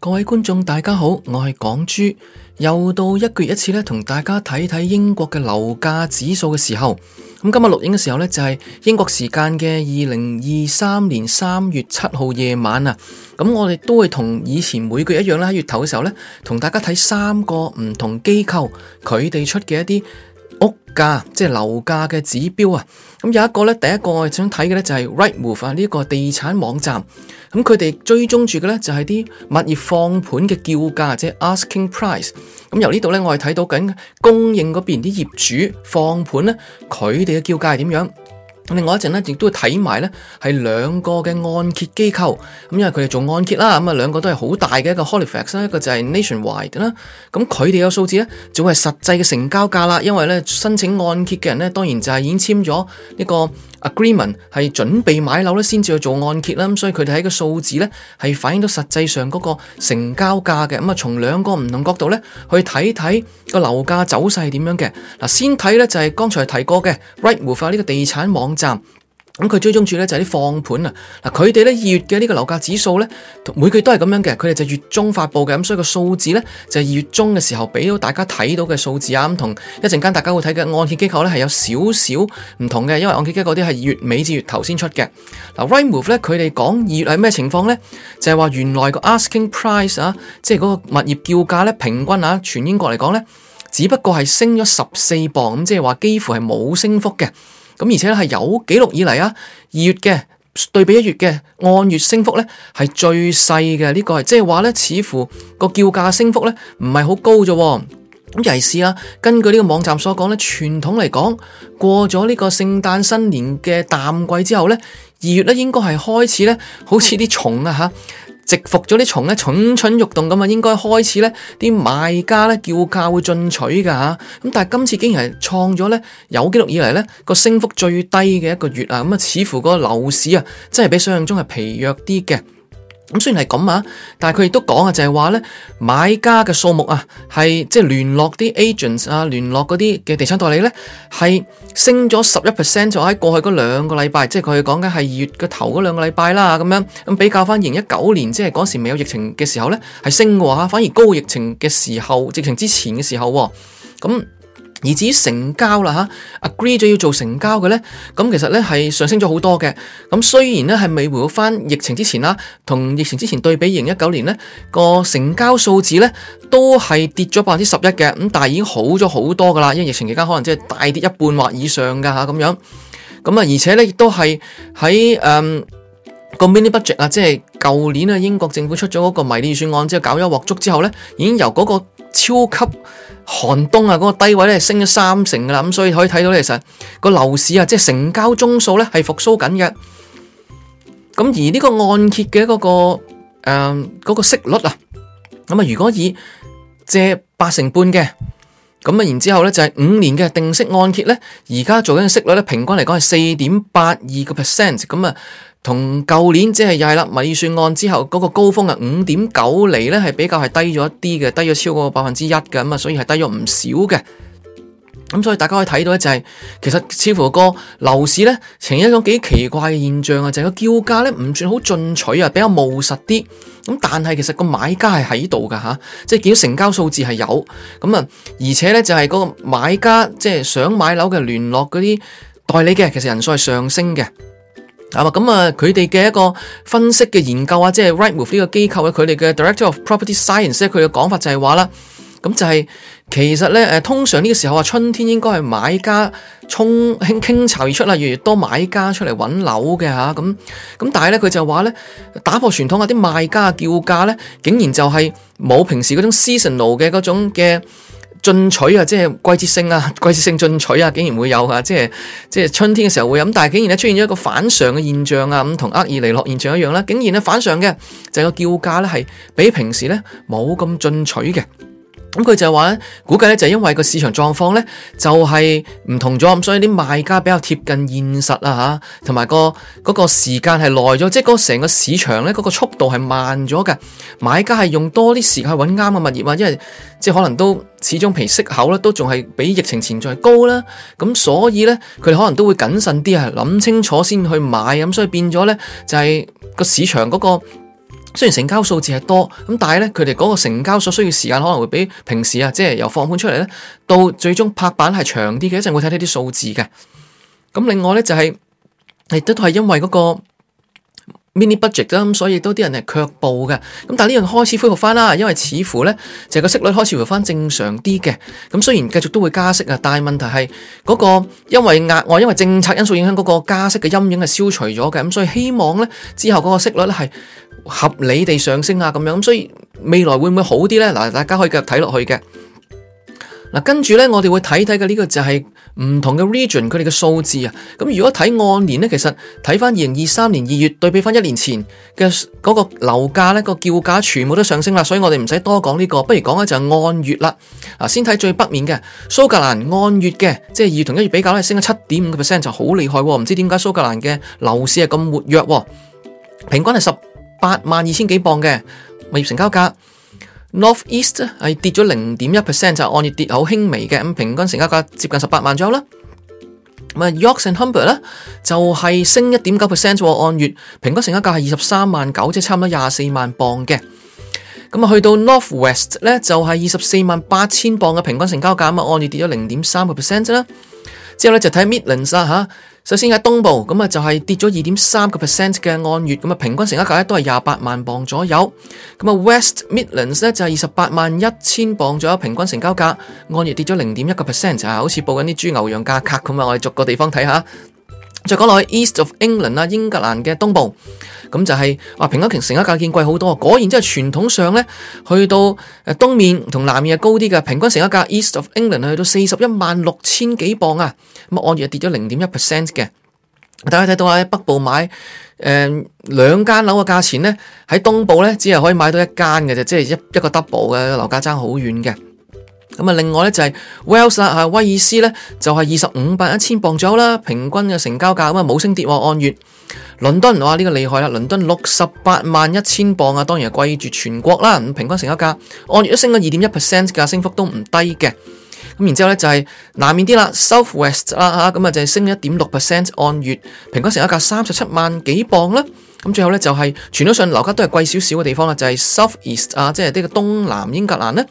各位觀眾大家好，我係港豬，又到一個月一次咧，同大家睇睇英國嘅樓價指數嘅時候。咁今日錄影嘅時候咧，就係、是、英國時間嘅二零二三年三月七號夜晚啊。咁、嗯、我哋都會同以前每個月一樣啦，喺月頭嘅時候咧，同大家睇三個唔同機構佢哋出嘅一啲。屋價即係樓價嘅指標啊，咁有一個咧，第一個我想睇嘅咧就係 Rightmove 啊。呢個地產網站，咁佢哋追蹤住嘅咧就係啲物業放盤嘅叫價，即係 asking price。咁由呢度咧，我哋睇到緊供應嗰邊啲業主放盤咧，佢哋嘅叫價係點樣？另外一陣咧，亦都會睇埋咧，係兩個嘅按揭機構，咁因為佢哋做按揭啦，咁啊兩個都係好大嘅一個 Halifax 啦，一個就係 Nationwide 啦，咁佢哋嘅數字咧，就係實際嘅成交價啦，因為咧申請按揭嘅人咧，當然就係已經簽咗呢、呢個 agreement 係準備買樓先至去做按揭啦。咁所以佢哋喺個數字呢係反映到實際上嗰個成交價嘅。咁啊，從兩個唔同角度呢去睇睇個樓價走勢係點樣嘅。嗱，先睇呢就係剛才提過嘅 Rightmove 呢個地產網站。咁佢追蹤住咧就係啲放盤啊，嗱佢哋咧二月嘅呢個樓價指數咧，每個月都係咁樣嘅，佢哋就月中發布嘅，咁所以個數字咧就係二月中嘅時候俾到大家睇到嘅數字啊，咁同一陣間大家會睇嘅按揭機構咧係有少少唔同嘅，因為按揭機構啲係二月尾至月頭先出嘅。嗱 Rightmove 咧佢哋講二月係咩情況咧？就係話原來個 asking price 啊，即係嗰個物業叫價咧平均啊，全英國嚟講咧，只不過係升咗十四磅，咁即係話幾乎係冇升幅嘅。咁而且咧係有記錄以嚟啊，二月嘅對比一月嘅按月升幅咧係最細嘅，呢個係，即係話咧似乎個叫價升幅咧唔係好高啫。咁尤其是啊，根據呢個網站所講咧，傳統嚟講過咗呢個聖誕新年嘅淡季之後咧，二月咧應該係開始咧，好似啲重啊嚇蟄伏咗啲蟲蠢蠢欲動咁啊，應該開始呢啲賣家呢叫價會進取噶嚇，咁但係今次竟然係創咗呢，有紀錄以來呢個升幅最低嘅一個月啊，咁啊似乎個樓市啊真係比想象中係疲弱啲嘅。咁雖然係咁啊，但係佢亦都講啊，就係話呢買家嘅數目啊，係即係聯絡啲 agents 啊，聯絡嗰啲嘅地產代理呢，係升咗十一 percent，就喺過去嗰兩個禮拜，即係佢講緊係二月嘅頭嗰兩個禮拜啦，咁樣咁比較翻，二零一九年即係嗰時未有疫情嘅時候呢，係升嘅，反而高疫情嘅時候，疫情之前嘅時候喎，咁。而至於成交啦吓，agree 咗要做成交嘅咧，咁其實咧，係上升咗好多嘅。咁雖然咧，係未回復翻疫情之前啦，同疫情之前對比二零一九年咧，個成交數字咧，都係跌咗百分之十一嘅，咁但係已經好咗好多噶啦。因為疫情期間可能即係大跌一半或以上㗎。吓，咁樣，咁啊而且咧，亦都係喺誒個 mini budget 啊，即係舊年啊英國政府出咗嗰個迷你預算案之後搞咗一鑊粥之後咧，已經由嗰個超級寒冬啊！嗰個低位咧升咗三成噶啦，咁所以可以睇到咧，其實個樓市啊，即係成交宗數咧係復甦緊嘅。咁而呢個按揭嘅嗰個誒嗰個息率啊，咁啊如果以借八成半嘅。咁啊，然之後咧就係、係、五年嘅定息按揭咧，而家做緊息率咧，平均嚟講係四點八二個 percent，咁啊，同舊年即係又係啦，米算案之後嗰、嗰個高峰啊，五點九厘咧係比較係低咗一啲嘅，低咗超過百分之一嘅，咁啊，所以係低咗唔少嘅。咁所以大家可以睇到咧，就是，就係其實似乎個樓市咧呈現一種幾奇怪嘅現象啊，就係、是、個叫價咧唔算好進取啊，比較務實啲。咁但係其實個買家係喺度㗎，即、啊、係、就是、見到成交數字係有咁啊，而且咧就係、是、個買家即係、就是、想買樓嘅聯絡嗰啲代理嘅，其實人數係上升嘅。啊咁啊佢哋嘅一個分析嘅研究啊，即、就、係、是、Rightmove 呢個機構咧，佢哋嘅 Director of Property Science 呢，佢嘅講法就係話啦。咁就係、是、其實咧，誒通常呢個時候啊，春天應該係買家衝傾傾巢而出啦，越嚟越多買家出嚟揾樓嘅嚇咁咁，但係咧佢就話咧，打破傳統啊，啲賣家叫價咧，竟然就係冇平時嗰種 seasonal 嘅嗰種嘅進取啊，即係季節性啊，季節性進取啊，竟然會有啊，即係即係春天嘅時候會有咁，但係竟然咧出現咗一個反常嘅現象啊，咁同厄爾尼諾現象一樣啦，竟然係反常嘅，就係、是、個叫價咧係比平時咧冇咁進取嘅。咁佢就係話估計咧就係因為個市場狀況咧就係唔同咗，咁所以啲賣家比較貼近現實啦嚇，同埋個嗰個時間係耐咗，即係嗰成個市場咧嗰個速度係慢咗嘅，買家係用多啲時間去揾啱嘅物業啊，因為即係可能都始終譬如息口呢，都仲係比疫情前仲係高啦，咁所以咧佢哋可能都會謹慎啲啊，諗清楚先去買，咁所以變咗咧就係個市場嗰個。雖然成交數字係多，咁但係咧，佢哋嗰個成交所需要時間可能會比平時啊，即係由放盤出嚟咧，到最終拍板係長啲嘅，一陣會睇睇啲數字嘅。咁另外咧就係亦都係因為嗰個。mini budget 咁所以都啲人係卻步嘅。咁但係呢樣開始恢復翻啦，因為似乎呢，就個息率開始回翻正常啲嘅。咁雖然繼續都會加息啊，但係問題係嗰個因為額外因為政策因素影響嗰個加息嘅陰影係消除咗嘅。咁所以希望呢，之後嗰個息率呢係合理地上升啊，咁樣。所以未來會唔會好啲呢？嗱，大家可以繼續睇落去嘅。跟住呢，我哋會睇睇嘅呢個就係唔同嘅 region 佢哋嘅數字啊。咁如果睇按年呢，其實睇翻二零二三年二月對比翻一年前嘅嗰個樓價呢，個叫價全部都上升啦。所以我哋唔使多講呢個，不如講呢就係按月啦。啊，先睇最北面嘅蘇格蘭按月嘅，即係二月同一月比較呢，升咗七點五個 percent 就好厲害。唔知點解蘇格蘭嘅樓市係咁活躍，平均係十八萬二千幾磅嘅物業成交價。North East 係跌咗零點一 percent 就按月跌，好輕微嘅，咁平均成交價接近十八萬左右啦。咁啊 York and Humber 咧，就係升一點九 percent 按月，平均成交價係二十三萬九，即係差唔多廿四萬磅嘅。咁啊去到 North West 咧，就係二十四萬八千磅嘅平均成交價，咁啊按月跌咗零點三個 percent 啫。之後咧就睇 Midlands 啦。吓，首先喺東部，咁啊就係跌咗二點三個 percent 嘅，按月咁啊平均成交價都係廿八萬磅左右，咁啊 West Midlands 咧就係二十八萬一千磅左右平均成交價，按月跌咗零點一個 percent，就係好似報緊啲豬牛羊價格咁啊，我哋逐個地方睇下。再講落去 East of England 啊，英格蘭嘅東部，咁就係話平均成家價見貴好多啊。果然即係傳統上咧，去到誒東面同南面係高啲嘅，平均成家價 East of England 去到四十一萬六千幾磅啊，咁按月跌咗零點一 percent 嘅。大家睇到喺北部買誒兩間樓嘅價錢咧，喺東部咧只係可以買到一間嘅啫，即係一一個 double 嘅樓價爭好遠嘅。咁啊，另外咧就係 Wales 啊，威爾斯咧就係二十五萬一千磅左右啦，平均嘅成交價。咁啊，冇升跌喎，按月。倫敦啊，呢、呢個厲害啦，倫敦六十八萬一千磅啊，當然係貴住全國啦，平均成交價按月都升咗二點一 percent 嘅升幅都唔低嘅。咁然之後咧就係南面啲啦，South West 啦嚇，咁啊就係升一點六 percent 按月，平均成交價三十七萬幾磅啦。咁最後咧就係、係、全島上樓價都係貴少少嘅地方啦，就係、係、South East 啊，即係呢個東南英格蘭咧。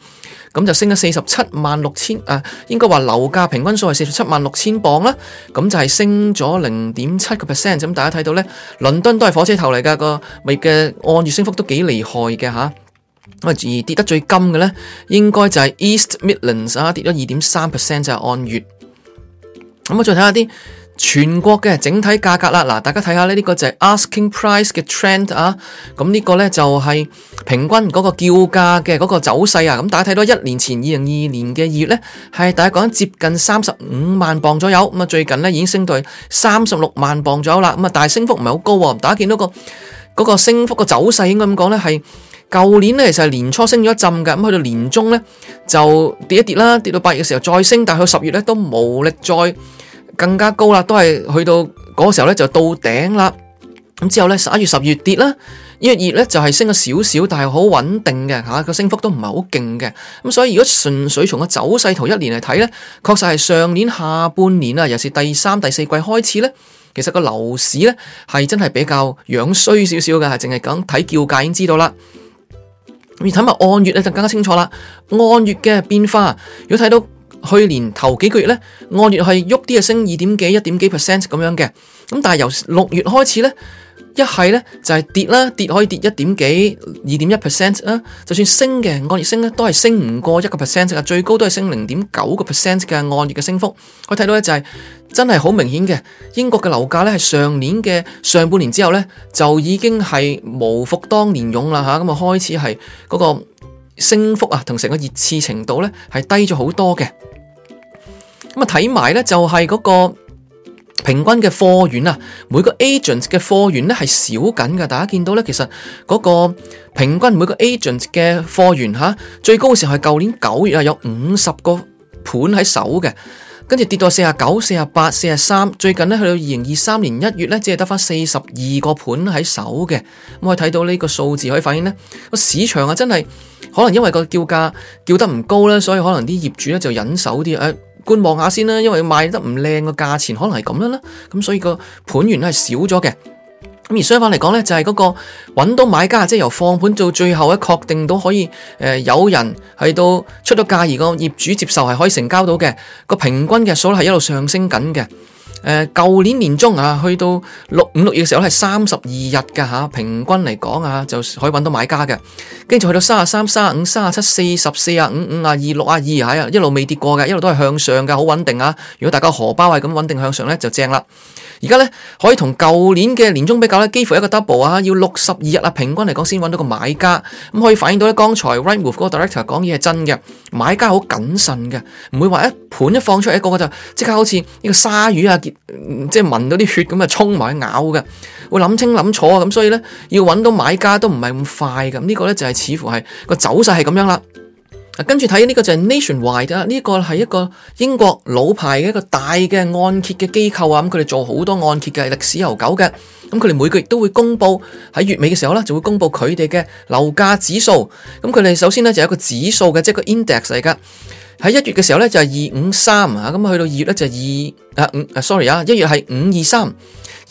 咁就升咗四十七萬六千啊，應該話樓價平均數係四十七萬六千磅啦，咁就係升咗零點七個 percent。咁大家睇到咧，倫敦都係火車頭嚟噶，個咪嘅按月升幅都幾厲害嘅吓。咁啊，而跌得最金嘅咧，應該就係 East Midlands 啊，跌咗二點三 percent 就係按月。咁啊，再睇下啲。全國嘅整體價格啦，嗱，大家睇下呢呢個就係 asking price 嘅 trend 啊，咁、這、呢個呢，就係平均嗰個叫價嘅嗰個走勢啊，咁大家睇到一年前二零二二年嘅二月呢，係大家講接近三十五萬磅左右。咁啊最近呢，已經升到三十六萬磅左右啦，咁啊但係升幅唔係好高，大家見到、那個嗰、那個、升幅嘅走勢應該點講呢，係舊年呢，其實係年初升咗一陣嘅，咁去到年中呢，就跌一跌啦，跌到八月嘅時候再升，但去十月呢，都無力再。更加高啦，都係去到嗰時候咧就到頂啦。咁之後咧十一月、十月跌啦，呢就是、一月、二月咧就係升咗少少，但係好穩定嘅吓，個、啊、升幅都唔係好勁嘅。咁所以如果純粹從個走勢圖一年嚟睇咧，確實係上年下半年啊，尤其是第三、第四季開始咧，其實個樓市咧係真係比較樣衰少少嘅，淨係講睇叫價已經知道啦。咁你睇埋按月咧就更加清楚啦，按月嘅變化，如果睇到。去年頭幾個月咧，按月係喐啲啊，升二點幾、一點幾 percent 咁樣嘅。咁但係由六月開始咧，一係咧就係跌啦，跌可以跌一點幾、二點一 percent 啊。就算升嘅，按月升咧，都係升唔過一個 percent 啊，最高都係升零點九個 percent 嘅按月嘅升幅。我睇到咧就係真係好明顯嘅，英國嘅樓價咧係上年嘅上半年之後咧，就已經係無復當年勇啦吓，咁啊、嗯、開始係嗰個升幅啊同成個熱刺程度咧係低咗好多嘅。咁啊，睇埋咧就係嗰個平均嘅貨源啊，每個 agent 嘅貨源咧係少緊噶。大家見到咧，其實嗰個平均每個 agent 嘅貨源吓，最高嘅時候係舊年九月啊，有五十個盤喺手嘅，跟住跌到四十九、四十八、四十三。最近咧去到二零二三年一月咧，只係得翻四十二個盤喺手嘅。咁可以睇到呢個數字可以發現咧，個市場啊真係可能因為個叫價叫得唔高咧，所以可能啲業主咧就忍手啲誒。觀望下先啦，因為賣得唔靚嘅價錢可能係咁樣啦，咁所以個盤源都係少咗嘅。咁而相反嚟講呢，就係嗰個搵到買家，即係由放盤到最後一確定到可以誒有人係到出咗價，而個業主接受係可以成交到嘅，個平均嘅數係一路上升緊嘅。誒，舊年年中啊，去到六五六月嘅時候係係三十二日㗎。吓，平均嚟講啊，就可以揾到買家嘅。跟住去到三啊三、三啊五、三啊七、四十四啊五、五啊二、六啊二，係啊，一路未跌過嘅，一路都係向上嘅，好穩定啊。如果大家荷包係咁穩定向上咧，就正啦。而家咧可以同舊年嘅年中比較咧，幾乎一個 double 啊，要六十二日啊，平均嚟講先揾到個買家，咁可以反映到咧，剛才 Rightmove 個 director 講嘢係真嘅，買家好謹慎嘅，唔會話一盤一放出一個，個就即刻好似呢個鯊魚啊。即係聞到啲血咁啊，衝埋去咬嘅，會諗清諗楚啊，咁所以呢，要揾到買家都唔係咁快嘅，呢個呢，就係似乎係個走勢係咁樣啦。跟住睇呢個就係 Nationwide，呢個係一個英國老牌嘅一個大嘅按揭嘅機構啊，咁佢哋做好多按揭嘅歷史悠久嘅，咁佢哋每個月都會公布喺月尾嘅時候呢，就會公布佢哋嘅樓價指數。咁佢哋首先呢，就有一個指數嘅，即係個 index 嚟噶。喺一月嘅時候呢，就係二五三啊，咁去到二月呢，就係二啊五 sorry 啊一月係五二三，二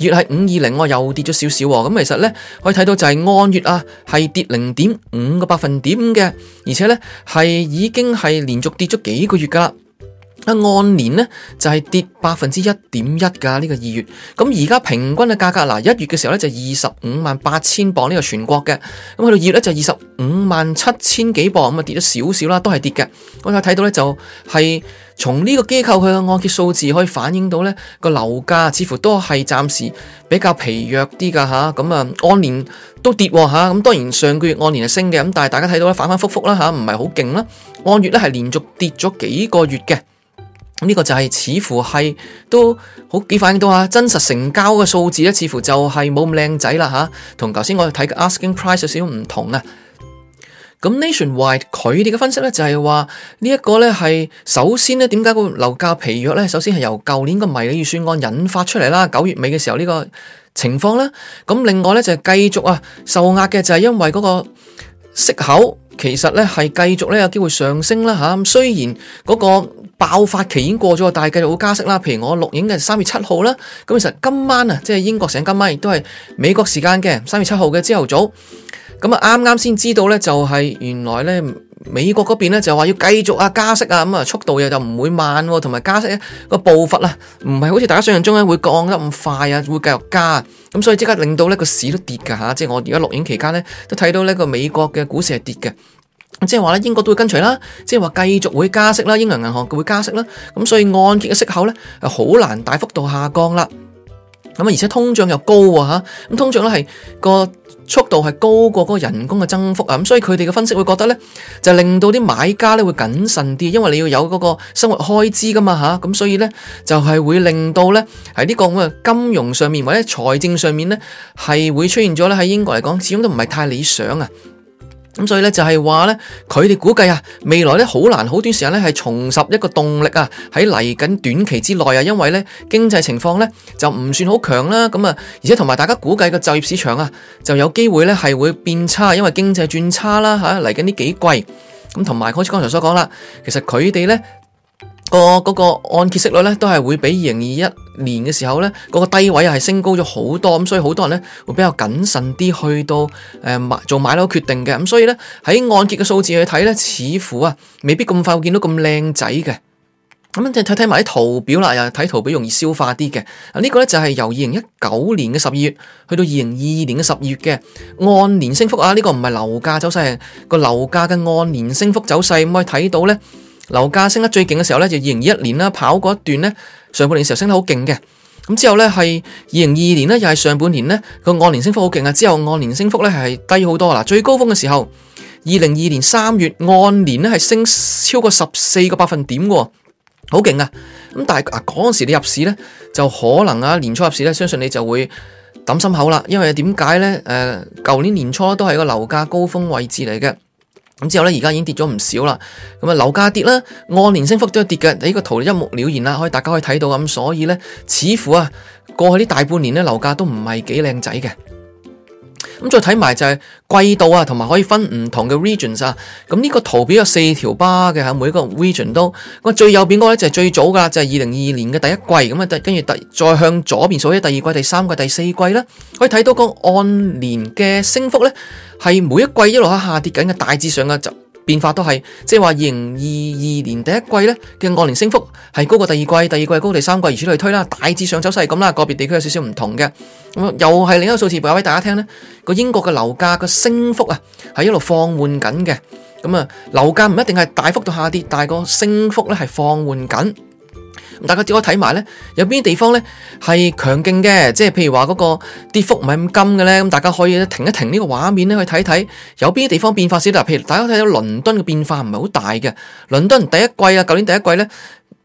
月係五二零，我又跌咗少少，咁其實呢，可以睇到就係按月啊係跌零點五個百分點嘅，而且呢，係已經係連續跌咗幾個月㗎啦。按年咧就係、是、跌百分之一點一噶，呢個二月，咁而家平均嘅價格嗱，一月嘅時候咧就二十五萬八千鎊呢，這個全國嘅，咁去到二月咧就二十五萬七千幾鎊，咁啊跌咗少少啦，都係跌嘅。我哋睇到咧就係、是、從呢個機構佢嘅按揭數字可以反映到咧個樓價似乎都係暫時比較疲弱啲噶吓，咁啊按年都跌吓，咁、啊、當然上個月按年係升嘅，咁但係大家睇到咧反反复复啦吓，唔係好勁啦，按月咧係連續跌咗幾個月嘅。咁呢個就係似乎係都好幾反映到啊，真實成交嘅數字咧，似乎就係冇咁靚仔啦吓，同頭先我哋睇嘅 asking price 有少少唔同啊。咁 Nationwide 佢哋嘅分析咧就係話呢一個咧係首先咧點解個樓價疲弱咧？首先係由舊年個迷你預算案引發出嚟啦，九月尾嘅時候呢個情況啦咁另外咧就係繼續啊受壓嘅就係因為嗰個息口其實咧係繼續咧有機會上升啦吓咁雖然嗰、嗰個。爆發期已經過咗，但係繼續會加息啦。譬如我錄影嘅三月七號啦，咁其實今晚啊，即係英國成今晚亦都係美國時間嘅三月七號嘅朝頭早，咁啊啱啱先知道呢，就係原來呢，美國嗰邊呢，就話要繼續啊加息啊，咁啊速度又就唔會慢，同埋加息呢個步伐啦，唔係好似大家想象中呢會降得咁快啊，會繼續加，咁所以即刻令到呢個市都跌噶吓，即係我而家錄影期間呢，都睇到呢個美國嘅股市係跌嘅。即係話咧，英國都會跟隨啦，即係話繼續會加息啦，英格蘭銀行會加息啦，咁所以按揭嘅息口咧，好難大幅度下降啦。咁啊，而且通脹又高啊，吓咁通脹咧係個速度係高過嗰個人工嘅增幅啊，咁所以佢哋嘅分析會覺得咧，就令到啲買家咧會謹慎啲，因為你要有嗰個生活開支噶嘛吓，咁所以咧就係會令到咧喺呢個咁嘅金融上面或者財政上面咧係會出現咗咧喺英國嚟講始終都唔係太理想啊。咁所以咧就係話咧，佢哋估計啊，未來咧好難好短時間咧係重拾一個動力啊，喺嚟緊短期之內啊，因為咧經濟情況咧就唔算好強啦，咁啊，而且同埋大家估計個就業市場啊就有機會咧係會變差，因為經濟轉差啦吓，嚟緊呢幾季，咁同埋好似剛才所講啦，其實佢哋咧。個個個按揭息率咧，都係會比二零二一年嘅時候咧，個、嗰個低位係係升高咗好多，咁所以好多人咧會比較謹慎啲去到買、呃、做買樓決定嘅，咁所以咧喺按揭嘅數字去睇咧，似乎啊未必咁快會見到咁靚仔嘅，咁就睇睇埋啲圖表啦，又睇圖表容易消化啲嘅。啊、這個，呢個咧就係、是、由二零一九年嘅十二月去到二零二二年嘅十二月嘅按年升幅啊，呢、這個唔係樓價走勢，個樓價嘅按年升幅走勢，咁可以睇到咧。樓價升得最勁嘅時候呢，就二零二一年啦，跑嗰一段呢，上半年嘅時候升得好勁嘅。咁之後呢，係二零二二年呢，又係上半年呢。個按年升幅好勁啊。之後按年升幅呢，係低好多啦。最高峰嘅時候，二零二二年三月按年呢，係升超過十四個百分點嘅喎，好勁啊！咁但係啊嗰陣時你入市呢，就可能啊年初入市呢，相信你就會揼心口啦，因為點解呢？誒、呃，舊年年初都係個樓價高峰位置嚟嘅。咁之後呢，而家已經跌咗唔少啦。咁啊，樓價跌啦，按年升幅都係跌嘅。睇、這、呢個圖一目了然啦，可以大家可以睇到咁，所以呢，似乎啊，過去呢大半年呢，樓價都唔係幾靚仔嘅。咁再睇埋就係季度啊，同埋可以分唔同嘅 regions 啊。咁呢個圖表有四條 bar 嘅，喺每一個 region 都。最右邊個咧就係最早噶，就係二零二二年嘅第一季。咁啊跟住第再向左邊數咧，第二季、第三季、第四季咧，可以睇到個按年嘅升幅咧，係每一季一路喺下跌緊嘅大致上嘅就。變化都係即係話，二零二二年第一季咧嘅按年升幅係高過第二季，第二季高過第三季，如此類推啦。大致上走勢係咁啦，個別地區有少少唔同嘅。咁又係另一個數字，話俾大家聽咧，個英國嘅樓價嘅升幅啊，係一路放緩緊嘅。咁啊，樓價唔一定係大幅度下跌，但係個升幅咧係放緩緊。大家只可睇埋咧，有邊啲地方咧係強勁嘅，即係譬如話嗰個跌幅唔係咁金嘅咧，咁大家可以停一停呢個畫面咧，去睇睇有邊啲地方變化少。嗱，譬如大家睇到倫敦嘅變化唔係好大嘅，倫敦第一季啊，舊年第一季咧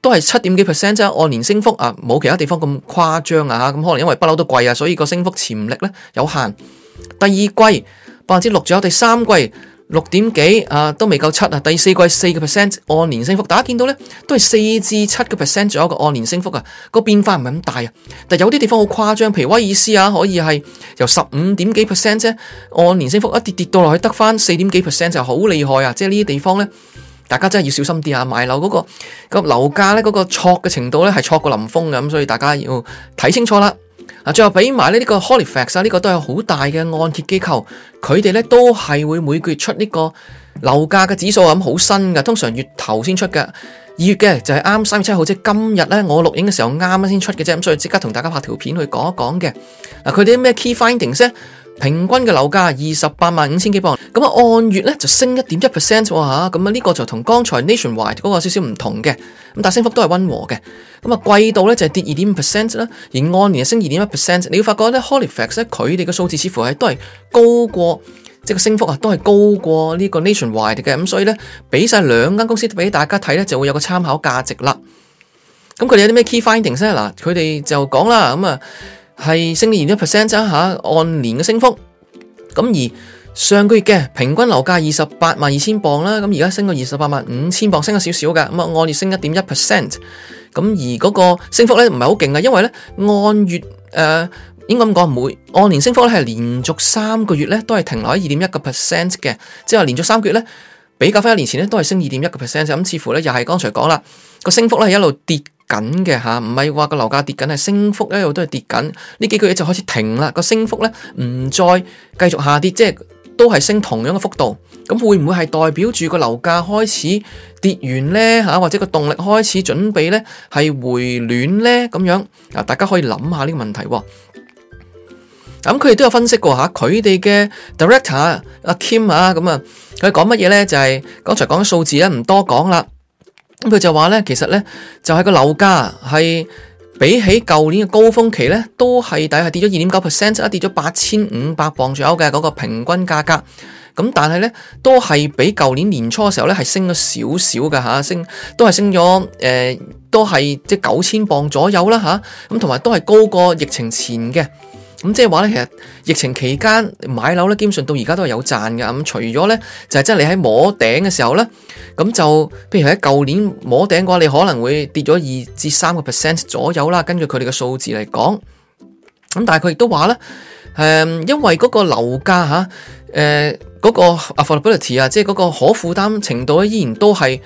都係七點幾 percent 即係按年升幅啊，冇其他地方咁誇張啊吓，咁可能因為不嬲都貴啊，所以個升幅潛力咧有限。第二季百分之六左右，第三季。六點幾啊，都未夠七啊！第四季四個 percent 按年升幅，大家見到咧，都係四至七個 percent 左右嘅按年升幅啊，個變化唔係咁大啊。但有啲地方好誇張，譬如威爾斯啊，可以係由十五點幾 percent 啫，按年升幅一跌跌到落去得翻四點幾 percent 就好厲害啊！即係呢啲地方咧，大家真係要小心啲啊，買樓嗰、嗰個咁、嗰個、樓價咧嗰個挫嘅程度咧係挫過林峰嘅，咁所以大家要睇清楚啦。嗱，最後俾埋呢呢個 Halifax 啊，呢個都係好大嘅按揭機構，佢哋咧都係會每個月出呢個樓價嘅指數咁好新嘅，通常月頭先出嘅，二月嘅就係啱三月七號即係今日咧，我錄影嘅時候啱啱先出嘅啫，咁所以即刻同大家拍條片去講一講嘅，嗱佢哋啲咩 key findings 咧？平均嘅樓價二十八萬五千幾磅，咁啊按月咧就升一點一 percent 喎吓，咁啊呢個就同剛才 Nationwide 嗰個少少唔同嘅，咁但升幅都係溫和嘅，咁啊季度咧就係跌二點五 percent 啦，而按年升二點一 percent，你要發覺咧 Halifax 呢，佢哋嘅數字似乎係都係高過，即係升幅啊都係高過呢個 Nationwide 嘅，咁所以咧俾晒兩間公司俾大家睇咧就會有個參考價值啦。咁佢哋有啲咩 key finding 先？嗱，佢哋就講啦，咁啊。係升二點一 percent 啫吓，按年嘅升幅。咁而上個月嘅平均樓價二十八萬二千磅啦，咁而家升個二十八萬五千磅，升咗少少噶。咁啊，按月升一點一 percent。咁而嗰個升幅咧唔係好勁嘅，因為咧按月誒、呃，應該咁講唔會。按年升幅咧係連續三個月咧都係停留喺二點一個 percent 嘅，即係話連續三個月咧比較翻一年前咧都係升二點一個 percent。咁似乎咧又係剛才講啦，個升幅咧係一路跌緊嘅吓，唔係話個樓價跌緊，係升幅一路都係跌緊。呢幾個月就開始停啦，個升幅咧唔再繼續下跌，即係都係升同樣嘅幅度。咁會唔會係代表住個樓價開始跌完咧吓，或者個動力開始準備咧係回暖咧咁樣？啊，大家可以諗下呢個問題。咁佢哋都有分析過吓，佢哋嘅 director 阿 Kim 啊，咁啊，佢講乜嘢咧？就係剛才講嘅數字咧，唔多講啦。咁佢就話咧，其實咧就係個樓價係比起舊年嘅高峰期咧，都係底下跌咗二點九 percent，即係跌咗八千五百磅左右嘅嗰個平均價格。咁但係咧都係比舊年年初嘅時候咧係升咗少少嘅吓，升都係升咗誒，都係即係九千磅左右啦吓。咁同埋都係高過疫情前嘅。咁即係話咧，其實疫情期間買樓咧，基本上到而家都係有賺嘅。咁除咗咧，就係即係你喺摸頂嘅時候咧，咁就譬如喺舊年摸頂嘅話，你可能會跌咗二至三個 percent 左右啦。根據佢哋嘅數字嚟講，咁但係佢亦都話咧，誒，因為嗰個樓價嚇，誒，嗰個 affordability 啊，即係嗰個可負擔程度咧，依然都係。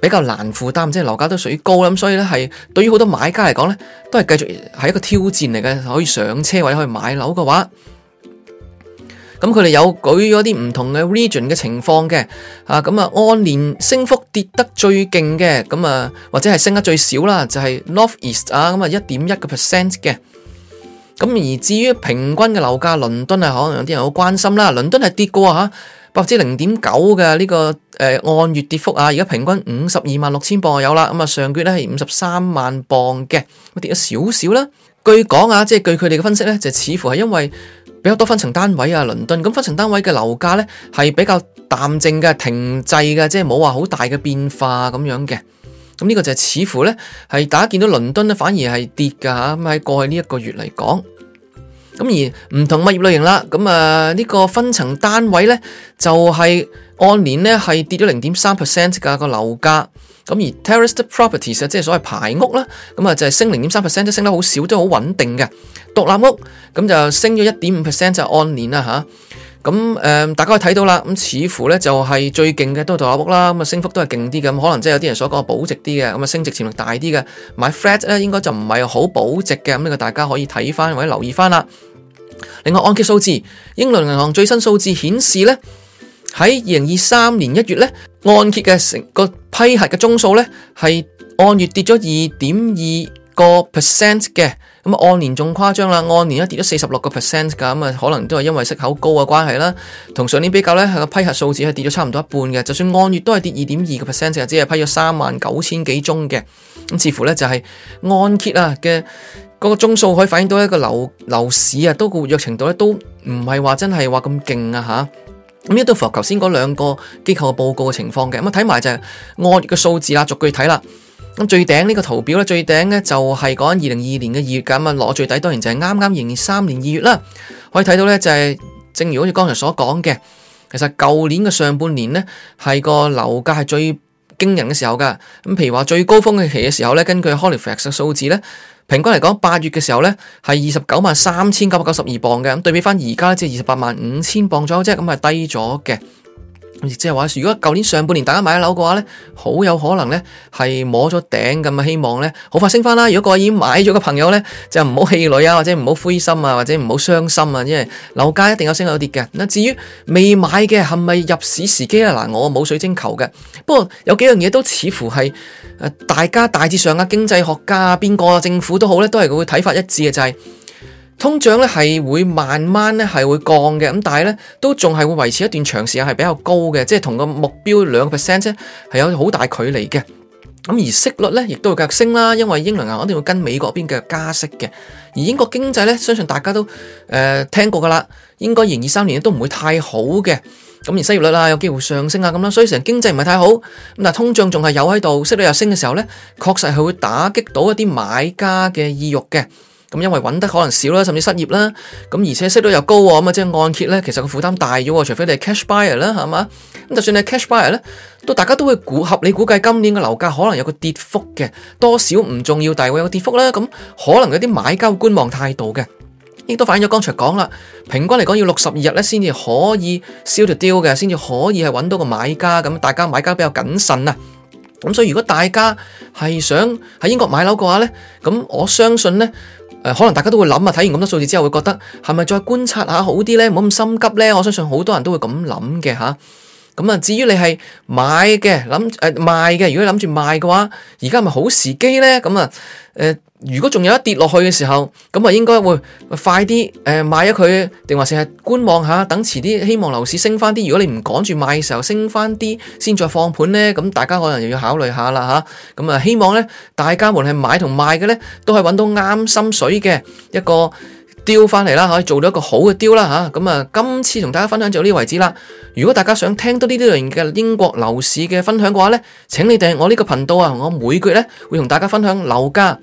比較難負擔，即係樓價都屬於高啦，所以呢，係對於好多買家嚟講呢都係繼續係一個挑戰嚟嘅，可以上車或者可以買樓嘅話，咁佢哋有舉咗啲唔同嘅 region 嘅情況嘅，啊咁啊按年升幅跌得最勁嘅，咁啊或者係升得最少啦，就係 North East 啊，咁啊一點一個 percent 嘅，咁而至於平均嘅樓價，倫敦係可能有啲人好關心啦，倫敦係跌過吓。百分之零點九嘅呢個誒、呃、按月跌幅啊，而家平均五十二萬六千磅有啦，咁啊上月咧係五十三萬磅嘅，跌咗少少啦。據講啊，即係據佢哋嘅分析咧，就係、似乎係因為比較多分層單位啊，倫敦咁分層單位嘅樓價咧係比較淡靜嘅、停滯嘅，即係冇話好大嘅變化咁樣嘅。咁呢個就係似乎咧係大家見到倫敦咧反而係跌㗎嚇，咁喺過去呢一個月嚟講。咁而唔同物業類型啦，咁啊呢個分層單位呢、那個，就係、是、按年呢係跌咗零點三 percent 嘅個樓價，咁而 terrace properties 即係所謂排屋啦，咁啊就係升零點三 percent，都升得好少，都好穩定嘅。獨立屋咁就升咗一點五 percent 就按年啦吓。咁、呃、大家可以睇到啦，咁似乎咧就係最勁嘅都係獨立屋啦，咁啊升幅都係勁啲嘅，可能即係有啲人所講保值啲嘅，咁啊升值潛力大啲嘅，買 flat 咧應該就唔係好保值嘅，咁呢個大家可以睇翻或者留意翻啦。另外按揭數字，英倫銀行最新數字顯示咧，喺二零二三年一月咧，按揭嘅成個批核嘅宗數咧係按月跌咗二點二個 percent 嘅。咁按年仲誇張啦，按年咧跌咗四十六個 percent 㗎，咁啊可能都係因為息口高嘅關係啦。同上年比較咧，係個批核數字係跌咗差唔多一半嘅。就算按月都係跌二點二個 percent，只係批咗三萬九千幾宗嘅。咁似乎咧就係按揭啊嘅嗰個宗數可以反映到一個樓樓市啊，都個活躍程度咧都唔係話真係話咁勁啊吓，咁呢都符合頭先嗰兩個機構嘅報告嘅情況嘅。咁睇埋就係按月嘅數字啦，逐句睇啦。咁最頂呢個圖表呢，最頂呢，就係講二零二二年嘅二月咁啊，攞最底當然就係啱啱二零二三年二月啦。可以睇到呢，就係正如好似剛才所講嘅，其實舊年嘅上半年呢，係個樓價係最驚人嘅時候㗎。咁譬如話最高峰嘅期嘅時候呢，根據 Halifax 嘅數字呢，平均嚟講八月嘅時候呢，係二十九萬三千九百九十二磅嘅，對比翻而家即係二十八萬五千磅左右啫，咁係低咗嘅。亦即係話，如果舊年上半年大家買樓嘅話咧，好有可能咧係摸咗頂咁嘅希望咧，好快升翻啦。如果個已經買咗嘅朋友咧，就唔好氣餒啊，或者唔好灰心啊，或者唔好傷心啊，因為樓價一定有升有跌嘅。嗱，至於未買嘅係咪入市時機啊？嗱，我冇水晶球嘅，不過有幾樣嘢都似乎係誒，大家大致上啊，經濟學家邊個政府都好咧，都係會睇法一致嘅，就係、是。通脹咧係會慢慢咧係會降嘅，咁但係咧都仲係會維持一段長時間係比較高嘅，即係同個目標兩個 percent 咧係有好大距離嘅。咁而息率咧亦都會繼續升啦，因為英倫銀行一定會跟美國邊繼續加息嘅。而英國經濟咧，相信大家都誒、呃、聽過噶啦，應該二零二三年都唔會太好嘅。咁而失業率啦有機會上升啊咁啦，所以成經濟唔係太好。咁但係通脹仲係有喺度，息率又升嘅時候咧，確實係會打擊到一啲買家嘅意欲嘅。咁因為揾得可能少啦，甚至失業啦，咁而且息率又高喎，咁啊即係按揭呢，其實個負擔大咗，除非你係 cash buyer 啦，係嘛？咁就算你係 cash buyer 呢，都大家都會估合理估計今年嘅樓價可能有個跌幅嘅，多少唔重要，但係會有個跌幅啦。咁可能嗰啲買家觀望態度嘅，亦都反映咗。剛才講啦，平均嚟講要六十二日呢先至可以 seal the deal 嘅，先至可以係揾到個買家。咁大家買家比較謹慎啊，咁所以如果大家係想喺英國買樓嘅話呢，咁我相信呢。呃，可能大家都會諗啊，睇完咁多數字之後，會覺得係咪再觀察下好啲咧？唔好咁心急咧。我相信好多人都會咁諗嘅吓。咁啊，至於你係買嘅諗誒賣嘅，如果諗住賣嘅話，而家係咪好時機咧？咁啊，誒、呃。如果仲有一跌落去嘅時候，咁啊，應該會快啲誒買咗佢，定話淨係觀望下，等遲啲希望樓市升翻啲。如果你唔趕住買嘅時候，升翻啲先再放盤呢，咁大家可能又要考慮下啦吓，咁啊，希望呢，大家無論係買同賣嘅呢，都係揾到啱心水嘅一個 deal 翻嚟啦，可以做到一個好嘅 deal 啦吓，咁啊，今次同大家分享就呢個位置啦。如果大家想聽多呢啲類型嘅英國樓市嘅分享嘅話呢，請你訂我呢個頻道啊，我每個月呢，會同大家分享樓價。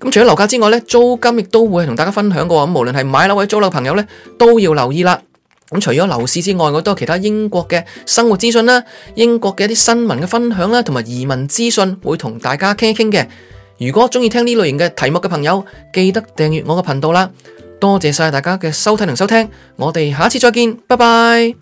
咁除咗樓價之外咧，租金亦都會同大家分享嘅。咁無論係買樓或者租樓嘅朋友咧，都要留意啦。咁除咗樓市之外，我都有其他英國嘅生活資訊啦，英國嘅一啲新聞嘅分享啦，同埋移民資訊會同大家傾一傾嘅。如果中意聽呢類型嘅題目嘅朋友，記得訂閱我嘅頻道啦。多謝晒大家嘅收睇同收聽，我哋下次再見，拜拜。